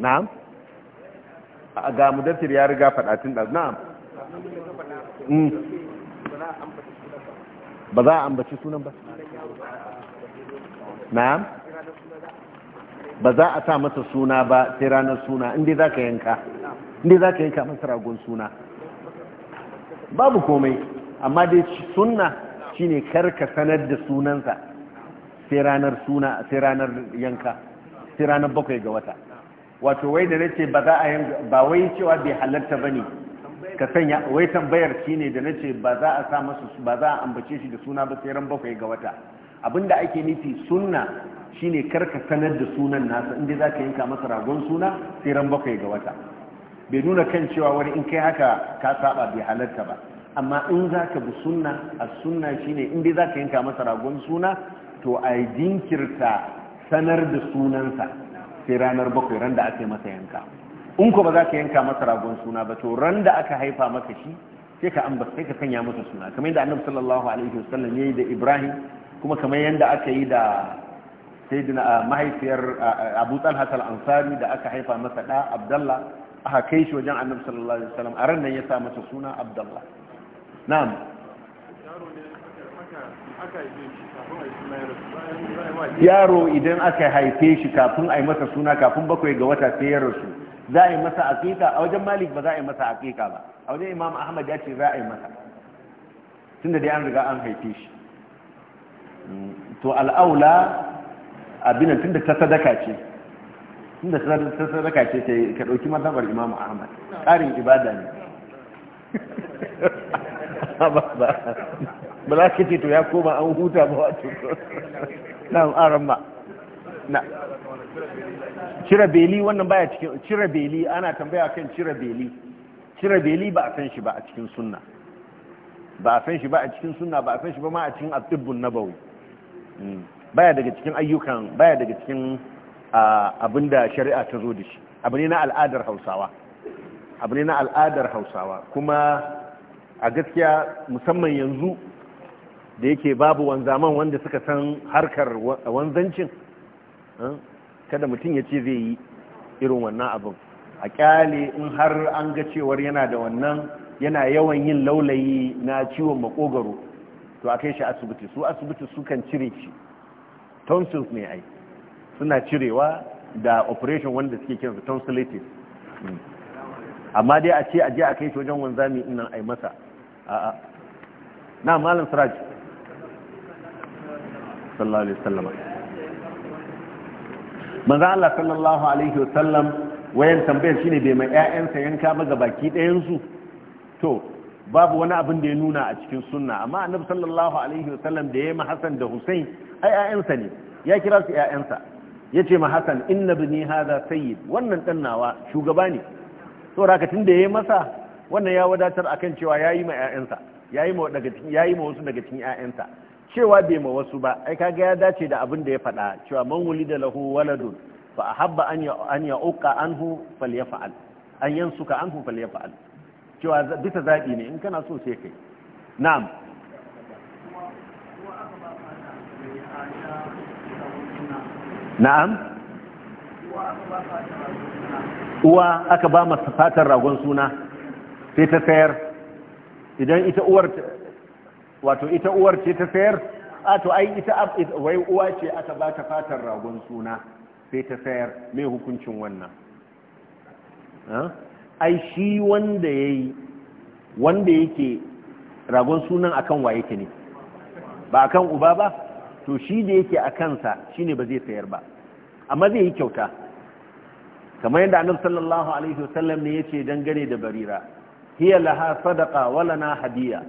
na'am ga mudassir ya riga fadatin da na'am mm. ba za a ambaci sunan ba na'am ba za a sa masa suna ba sai ranar suna inda za ka yanka inda za ka yanka masa ragon suna babu komai amma dai sunna shine karka sanar da sunansa sai ranar suna sai ranar yanka sai ranar bakwai ga wata wato wai da nace ba za a yin ba wai cewa bai halarta bane ka sanya wai tambayar shine da nace ba za a sa masa ba za a ambace shi da suna ba sai ran bakwai ga wata abinda ake nufi sunna shine karka sanar da sunan nasa inda za ka yanka masa ragon suna sai ran bakwai ga wata bai nuna kan cewa wani in kai haka ka saba bai halarta ba amma in za ka bi sunna a sunna shine inda za ka yanka masa ragon suna to a jinkirta sanar da sunansa sai ranar bakwai ran da aka yi masa yanka in ko ba za ka yanka masa ragon suna ba to ran da aka haifa maka shi sai ka ambata sai ka sanya masa suna kamar yadda annabi sallallahu alaihi wasallam yayi da Ibrahim kuma kamar yadda aka yi da sayyidina ah, mahaifiyar ah, Abu Talha al-Ansari da aka haifa masa da Abdullah aka kai shi wajen annabi sallallahu alaihi wasallam a ran nan ya sa masa suna Abdullah na'am yaro idan aka haife shi kafin a yi masa suna kafin bakwai ga wata sai ya rasu za a yi masa aƙiƙa a wajen malik ba za a yi masa aƙiƙa ba a wajen imam ahmad ya ce za a yi masa tunda dai an riga an haife shi to al'aula abinan da ta sadaka ce tunda ta sadaka ce yi ka ɗauki mazabar imam ahmad ƙarin ibada ne ba za ka ce to ya koma an huta ba wato na aran ba na cire beli wannan baya cikin cire beli ana tambaya kan cire beli cire beli ba a san shi ba a cikin sunna ba a san shi ba a cikin sunna ba a san shi ba ma a cikin atibbun nabawi hmm. baya daga cikin ayyukan baya daga cikin abinda shari'a ta zo da shi abu ne na al'adar hausawa abu ne na al'adar hausawa kuma a gaskiya musamman yanzu da yake babu wanzaman wanda suka san harkar wanzancin kada mutum ya ce zai yi irin wannan abin a kyale in har an ga cewar yana da wannan yana yawan yin laulayi na ciwon makogaro to a kai shi asibiti su asibiti su kan cire shi tonsils ne ai suna cirewa da operation wanda suke kiransu tonsillitis hmm. amma dai a ce a je a kai shi wajen wanzami nan ai masa a'a na malam siraj sallallahu alaihi wasallam manzo Allah sallallahu alaihi wasallam wayan tambayar shine bai mai ƴaƴansa yanka ba ga baki ɗayan su to babu wani abin da ya nuna a cikin sunna amma annabi sallallahu alaihi wasallam da ya ma hasan da Hussein ai ƴaƴansa ne ya kira su ƴaƴansa yace ma inna bini hadha sayyid wannan dan nawa shugaba ne saboda haka ya yayi masa wannan ya wadatar akan cewa yayi ma ƴaƴansa yayi ma daga cikin yayi ma wasu daga cikin ƴaƴansa cewa bai ma wasu ba ai kaga ya dace da abin da ya faɗa cewa man wulida lahu waladun fa ahabba an ya an ya uqa anhu falyaf'al an yansuka anhu falyaf'al cewa bisa zabi ne in kana so sai kai na'am na'am uwa aka ba masa fatan ragon suna sai ta sayar idan ita uwar wato ita uwar ce ta sayar a to ai ita wai uwa ce aka ba ta fatar ragon suna sai ta sayar mai hukuncin wannan ai shi wanda ya yi wanda yake ragon sunan akan wa yake ne ba akan uba ba to shi da yake a kansa shine ba zai sayar ba amma zai yi kyauta kamar yadda annabi sallallahu alaihi wasallam ne yace dangane da barira hiya laha sadaqa wa lana hadiya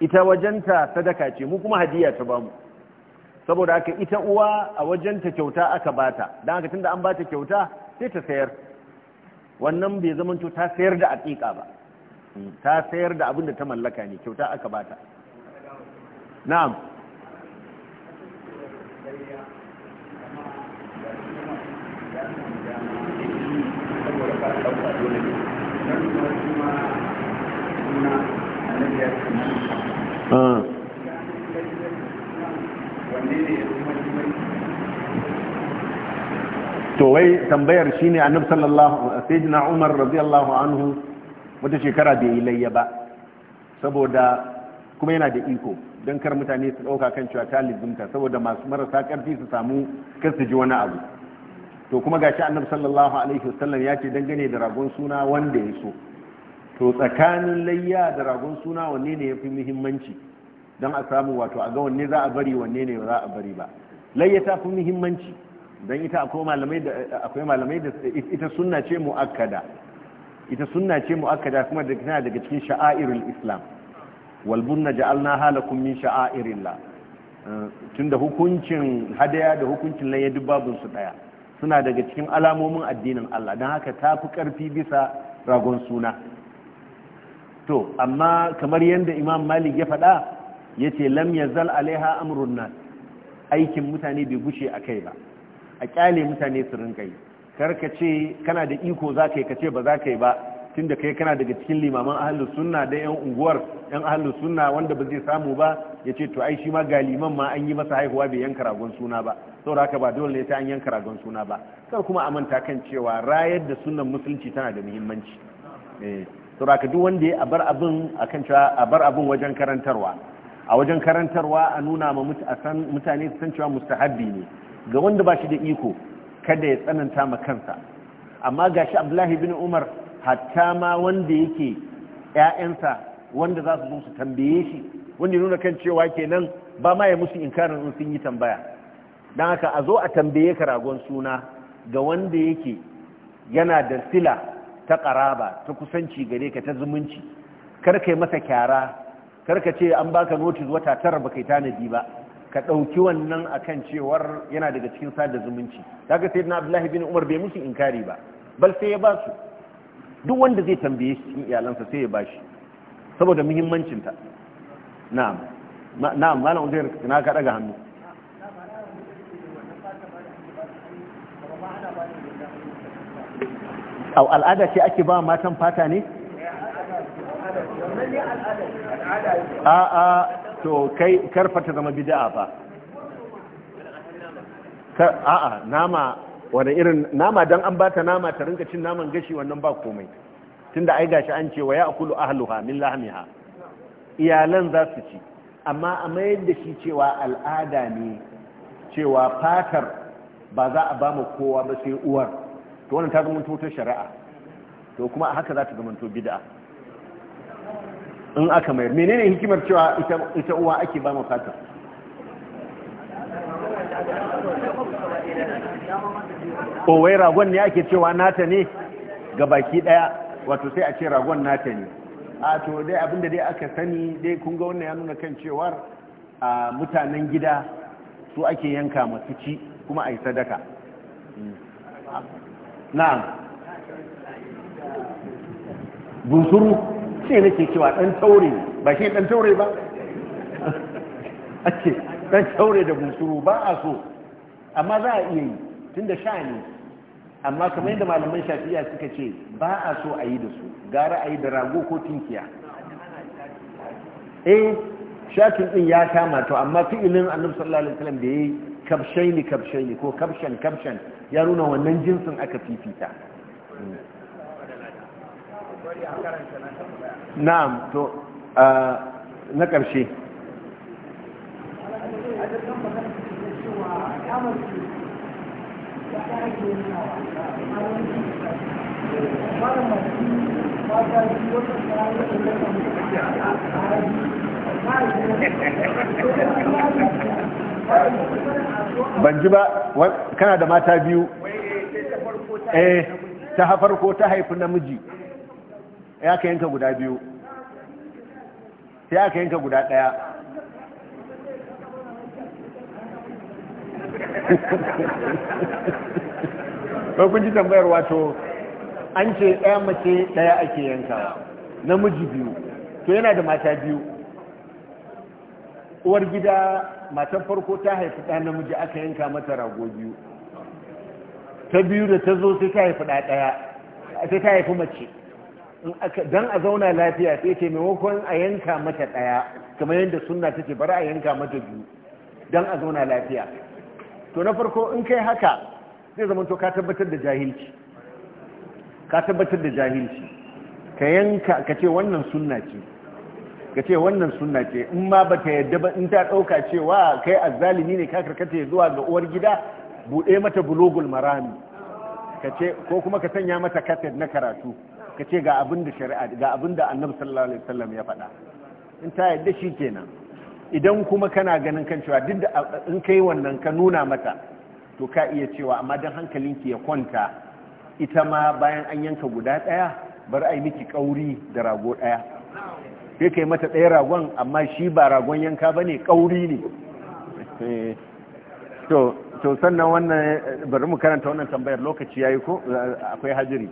ita wajenta sadaka ce mu kuma hadiya ta bamu saboda haka ita uwa a wajenta kyauta aka bata don haka da an bata kyauta sai ta sayar wannan bai zama to ta sayar da aƙiƙa ba ta sayar da abin da ta mallaka ne kyauta aka bata na'am Thank you. Ah. to wai tambayar ne annabi sallallahu sayyidina Umar radiyallahu anhu wata shekara bai yi layya ba saboda kuma yana da iko don kar mutane su ɗauka kan cewa ta lizimta saboda masu marasa ƙarfi su samu kar su ji wani abu to kuma gashi annabi sallallahu alaihi wasallam ya ce dangane da ragon suna wanda ya so to tsakanin layya da ragon suna wanne ne ya fi muhimmanci don a samu wato a ga wanne za a bari wanne ne za a bari ba layya ta fi muhimmanci don ita akwai malamai da ita sunna ce mu'akkada ita sunna ce mu'akkada kuma da tana daga cikin sha'airul islam na ja'al na halakun min sha'airillah tunda hukuncin hadaya da hukuncin layya duk babun su daya suna daga cikin alamomin addinin Allah don haka ta fi karfi bisa ragon suna to amma kamar yadda imam malik ya faɗa ya ce lam ya zal alaiha amrun nan aikin mutane bai gushe a kai ba a kyale mutane su rinkai yi karka ce kana da iko za ka yi ka ce ba za ka yi ba tun da kai kana daga cikin limaman ahalus sunna da yan unguwar yan ahalus suna wanda ba zai samu ba ya ce to ai shi ma galiman ma an yi masa haihuwa bai yanka ragon suna ba saboda haka ba dole ne ta an yanka ragon suna ba kar kuma a manta kan cewa rayar da sunnan musulunci tana da muhimmanci eh. saboda duk wanda ya bar abin akan cewa a bar abin wajen karantarwa a wajen karantarwa a nuna ma mutane su san cewa mustahabbi ne ga wanda ba shi da iko kada ya tsananta ma kansa amma gashi Abdullahi bin Umar hatta ma wanda yake ƴaƴansa wanda za su zo su tambaye shi wanda ya nuna kan cewa kenan ba ma ya musu inkarin in sun yi tambaya dan haka a zo a tambaye ka ragon suna ga wanda yake yana da sila ta ƙaraba ta kusanci gare ka ta zumunci kar yi masa kyara kar ce an baka notice wata tara ba kai tanadi ba ka ɗauki wannan akan cewar yana daga cikin sada zumunci daga sai na abdullahi bin umar bai musu inkari ba bal sai ya ba su duk wanda zai tambaye shi cikin iyalansa sai ya ba shi saboda muhimmancinta na'am na'am malam zai na ka daga hannu au al'ada ce ake ba matan fata ne a a to kai karfata zama bid'a ba a a nama wani irin nama don an bata nama ta rinka cin naman gashi wannan ba komai tunda ai gashi an ce waya ya akulu ahluha min lahmiha iyalan za su ci amma a mayar da shi cewa al'ada ne cewa fatar ba za a ba mu kowa ba sai uwar to wannan ta zama ta shari'a to kuma a haka za ta zama to bid'a in aka mayar menene hikimar cewa ita uwa ake ba ma fatar o ragon ne ake cewa nata ne ga baki daya wato sai a ce ragon nata ne a to dai abinda dai aka sani dai kun ga wannan ya nuna kan cewar a mutanen gida su ake yanka masu ci kuma a yi sadaka hmm. na'am bunsuru sai ke cewa ɗan taure ba shi ɗan taure ba ake ɗan taure da bunsuru ba a so amma za a iya yi da sha ne amma kamar yadda malaman shafiya suka ce ba a so a yi da su gara a yi da rago ko tinkiya eh shafin din ya kama to amma fi'ilin annabi sallallahu alaihi wasallam da yayi كبشين كبشين كو كبشن كبشن يرون وانن جنسن اكا فيفيتا نعم تو آه، نكرشي هذا ban ji ba kana da mata biyu eh ta eh, farko ta haifi namiji ya ka yanka guda biyu ya ka yanka guda daya ba kun ji tambayar wato an ce daya mace daya ake yanka namiji biyu to yana da mata biyu uwar gida matan farko ta haifi ɗa namiji aka yanka mata rago biyu ta biyu da ta zo sai ta haifi ɗa ɗaya sai ta haifi mace don a zauna lafiya sai taimakon a yanka mata ɗaya kamar yadda ta ce bari a yanka mata biyu don a zauna lafiya to na farko in kai haka zai zama to ka tabbatar da jahilci ka tabbatar da jahilci ka yanka ka ce wannan suna ce ka ce wannan sunna ce in ma ba ta yadda ba in ta ɗauka cewa kai azzalimi ne ka karkata zuwa ga uwar gida buɗe mata bulogul marami ka ce ko kuma ka sanya mata kaset na karatu ka ce ga abin da shari'a ga abin da annabi sallallahu alaihi wasallam ya faɗa in ta yadda shi kenan idan kuma kana ganin kan cewa duk da in kai wannan ka nuna mata to ka iya cewa amma dan hankalinki ya kwanta ita ma bayan an yanka guda ɗaya bar ai miki kauri da rago ɗaya sai kai mata ɗaya ragon amma shi ba ragon yanka ba ne ƙauri ne to sannan wannan bari mu karanta wannan tambayar lokaci ya yi ko akwai hajiri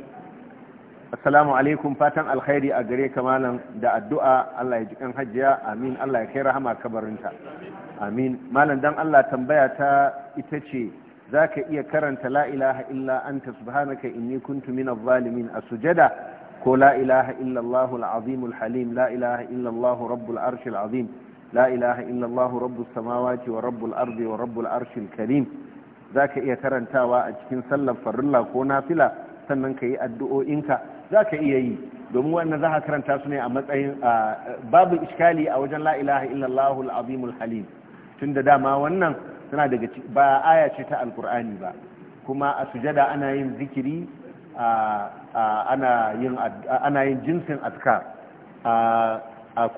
assalamu alaikum fatan alkhairi a gare kamalan da addu'a Allah ya ji kan hajjiya amin Allah ya kai rahama kabarinta amin malam dan Allah tambaya ta ita ce za ka iya karanta la ilaha illa anta subhanaka inni kuntu minadh a sujada ko la ilaha illallahu al al-halim la ilaha illallahu rabbul arsh al-azim la ilaha illallahu rabbus samawati wa rabbul ardi wa rabbul arsh al-karim zaka iya karantawa a cikin sallar farilla ko nafila sannan ka yi addu'o'inka zaka iya yi domin wannan za ka karanta su ne a matsayin babu iskali a wajen la ilaha illallahu al-azim al-halim tunda dama wannan suna daga ba aya ce ta alkur'ani ba kuma a sujada ana yin zikiri ana yin jinsin askar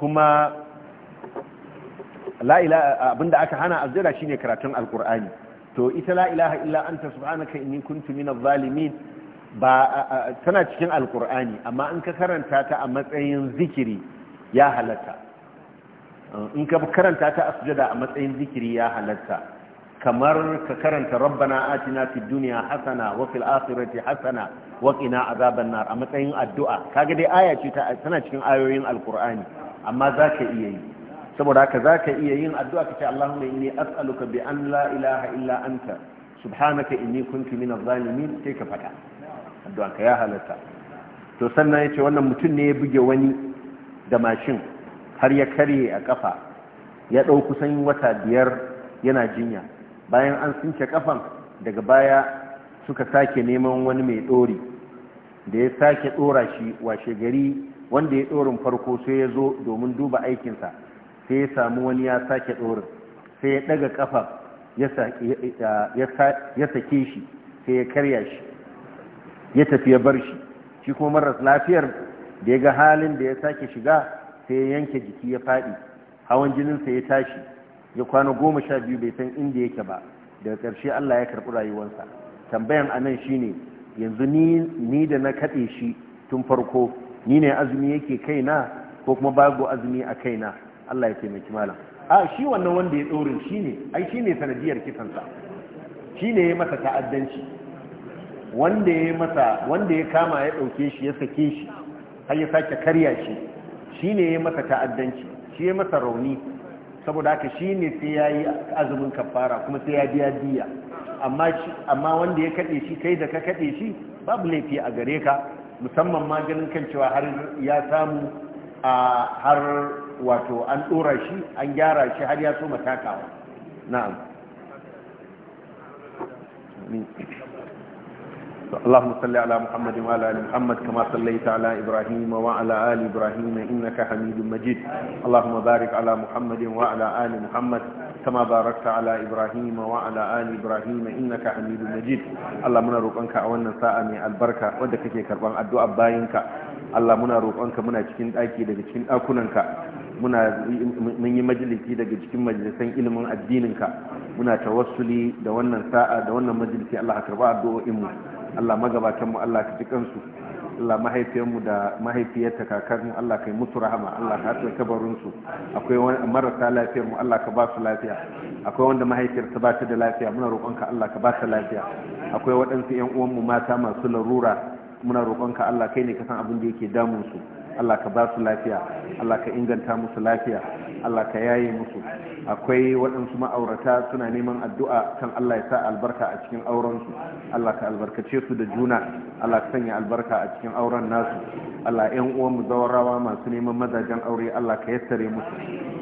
kuma abinda aka hana azira shine karatun alkur'ani to ita la ilaha illa anta subhanaka inni kuntu minaz zalimin ba tana cikin alkur'ani amma in ka karanta ta a matsayin zikiri ya halatta in ka karanta ta a sujada a matsayin zikiri ya halatta kamar ka karanta rabbana atina fid dunya hasana wa fil akhirati hasana wa qina azaban nar a matsayin addu'a kaga dai aya ce ta tana cikin ayoyin alqur'ani amma zaka iya yi saboda haka zaka iya yin addu'a kace allahumma inni as'aluka bi an la ilaha illa anta subhanaka inni kuntu min adh sai ka fada addu'a ka ya halatta to sannan yace wannan mutum ne ya buge wani da mashin har ya karye a kafa ya dau kusan wata biyar yana jinya bayan an sunce kafan daga baya suka sake neman wani mai ɗori da ya sake ɗora shi washe gari wanda ya ɗorin farko sai ya zo domin duba aikinsa sai ya samu wani ya sake ɗorin sai ya ɗaga kafan ya sake shi sai ya karya shi ya tafi ya bar shi shi kuma maras lafiyar da ya ga halin da ya sake shiga sai ya yanke jiki ya faɗi hawan jininsa ya tashi ya kwana goma sha biyu bai san inda yake ba daga ƙarshe Allah ya karɓi rayuwarsa tambayan anan shine yanzu ni da na kaɗe shi tun farko ni ne azumi yake kaina ko kuma babu azumi a kaina Allah ya taimaki malam a shi wannan wanda ya ɗorin shi ne ai shi ne sanadiyar kisansa shi ne ya masa ta'addanci wanda ya masa wanda ya kama ya ɗauke shi ya sake shi har ya sake karya shi shi ne ya masa ta'addanci shi ya masa rauni saboda haka shi ne sai ya yi azumin kafara kuma sai ya biya diya amma wanda ya kaɗe shi kai da ka kaɗe shi babu laifi a gare ka musamman ma ganin kan cewa har ya samu a har wato an ɗora shi an gyara shi har ya so matakawa na'am اللهم صل على محمد وعلى ال محمد كما صليت على ابراهيم وعلى ال ابراهيم انك حميد مجيد اللهم بارك على محمد وعلى ال محمد كما باركت على ابراهيم وعلى ال ابراهيم انك حميد مجيد اللهم muna roƙonka a wannan sa'a mai albarka wadda kake karban addu'a bayinka Allah muna roƙonka muna cikin ɗaki daga cikin ɗakunanka muna mun yi majalisi daga cikin majalisan ilimin addininka muna tawassuli da wannan sa'a da wannan majalisi Allah ka karba addu'o'in mu Allah magabatanmu Allah ka ji kansu Allah mahaifiyarmu da mahaifiyarta mu. Allah kai musu rahama Allah ka kabarin kabarinsu akwai marasa lafiyar mu Allah ka ba su lafiya akwai wanda mahaifiyarsa ba da lafiya muna roƙonka Allah ka ba ta lafiya akwai waɗansu ƴan uwanmu mata masu larura muna roƙonka Allah kai ne ka san abin da yake damun su Allah ka ba su lafiya Allah ka inganta musu lafiya Allah ka yaye musu akwai waɗansu ma'aurata suna neman addu'a kan Allah ya sa albarka a cikin aurensu Allah ka albarkace su da juna Allah ka sanya albarka a cikin auren nasu Allah ƴan uwan mu zawarawa masu neman mazajen aure Allah ka yassare musu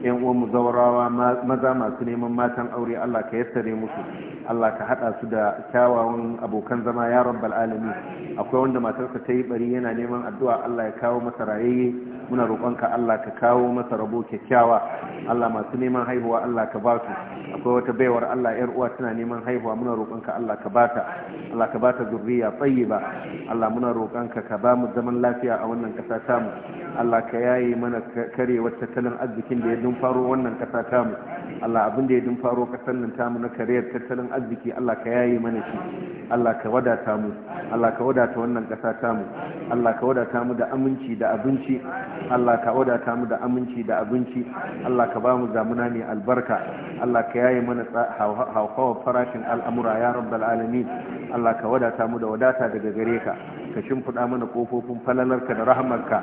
ƴan uwan mu zawarawa maza masu neman matan aure Allah ka yassare musu Allah ka hada su da kyawawan abokan zama ya rabbal alamin akwai wanda matarsa ta yi bari yana neman addu'a Allah ya kawo masa rayayye muna roƙonka Allah ka kawo masa rabo kyakkyawa Allah masu neman haihuwa haihuwa Allah ka ba su akwai wata baiwar Allah yar uwa tana neman haihuwa muna roƙonka Allah ka bata. Allah ka ba ta zurriya tayyiba Allah muna roƙonka ka ba mu zaman lafiya a wannan ƙasa tamu Allah ka yayi mana karewar tattalin arzikin da ya dumfaro wannan ƙasa tamu Allah abin da ya dumfaro ƙasar nan tamu na karewar tattalin arziki Allah ka yayi mana shi Allah ka wadata mu Allah ka wadata wannan ƙasa ta mu Allah ka wadata mu da aminci da abinci Allah ka wadata mu da aminci da abinci Allah ka ba mu zamuna mai albarka Allah ka yaye mana hauhawar farashin al'amura ya rabbal alamin Allah ka wadata mu da wadata daga gare ka ka shimfiɗa mana kofofin falalarka da rahmarka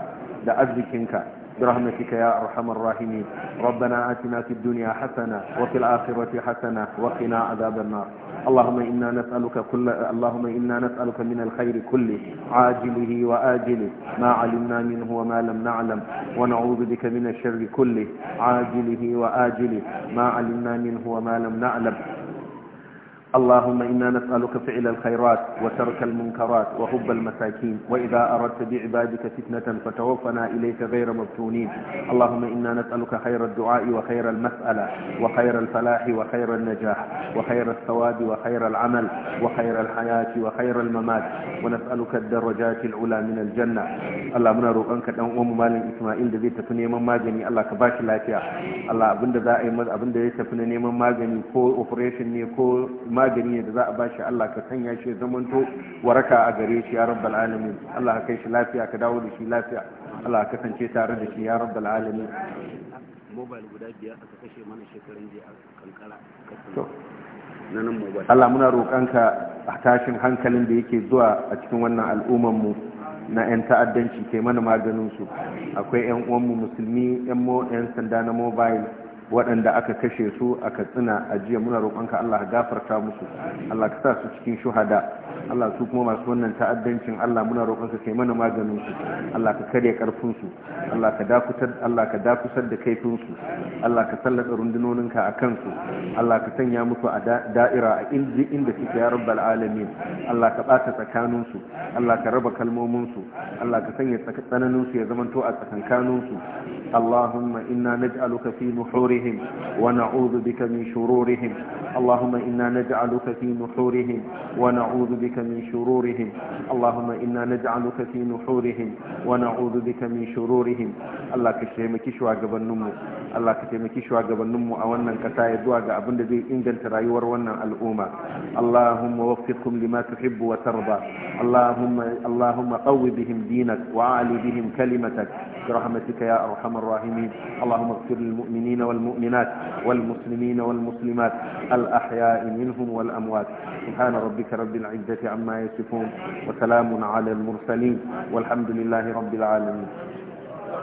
da arzikinka برحمتك يا أرحم الراحمين ربنا آتنا في الدنيا حسنة وفي الآخرة حسنة وقنا عذاب النار اللهم إنا نسألك كل اللهم إنا نسألك من الخير كله عاجله وآجله ما علمنا منه وما لم نعلم ونعوذ بك من الشر كله عاجله وآجله ما علمنا منه وما لم نعلم اللهم إنا نسألك فعل الخيرات وترك المنكرات وحب المساكين وإذا أردت بعبادك فتنة فتوفنا إليك غير مفتونين اللهم إنا نسألك خير الدعاء وخير المسألة وخير الفلاح وخير النجاح وخير الثواب وخير العمل وخير الحياة وخير الممات ونسألك الدرجات العلى من الجنة اللهم نروقنك دان أم مال إسماعيل دزي tafi من magani Allah ka bashi lafiya Allah abinda za a yi abinda ya tafi neman magani ko operation magani da za a ba shi Allah ka sanya shi zamanto waraka a gare shi ya rabbal alamin Allah ka kai shi lafiya ka dawo da shi lafiya Allah ka kasance tare da shi ya rabbal alamin mobile guda biyar aka kashe mana shekarun jiya kankara na nan mobile Allah muna roƙanka tashin hankalin da yake zuwa a cikin wannan al'ummar mu na 'yan ta'addanci kai mana maganin su akwai 'yan uwanmu musulmi 'yan sanda na mobile waɗanda aka kashe su aka tsina a jiya muna roƙonka Allah ka gafarta musu Allah ka sa su cikin shuhada Allah su kuma masu wannan ta'addancin Allah muna roƙonka kai mana maganin su Allah ka karya karfin su Allah ka dakutar Allah ka dakusar da kaifin su Allah ka sallata rundunoninka a kansu Allah ka sanya musu a da'ira a inda inda suke ya rabbal alamin Allah ka bata tsakanin su Allah ka raba kalmomin su Allah ka sanya tsananin su ya zamanto a tsakankanin su Allahumma inna naj'aluka fi nuhuri نحورهم ونعوذ بك من شرورهم اللهم إنا نجعلك في نحورهم ونعوذ بك من شرورهم اللهم إنا نجعلك في نحورهم ونعوذ بك من شرورهم الله كشيمك شوى قبل نمو الله كشيمك شوى قبل نمو أولا كتاية دواء أبن ذي إنجل ترايور ونن الأمة اللهم وفقهم لما تحب وترضى اللهم اللهم قو بهم دينك وعالي بهم كلمتك برحمتك يا أرحم الراحمين اللهم اغفر للمؤمنين والمؤمنين والمؤمنات والمسلمين والمسلمات الأحياء منهم والأموات سبحان ربك رب العزة عما يصفون وسلام على المرسلين والحمد لله رب العالمين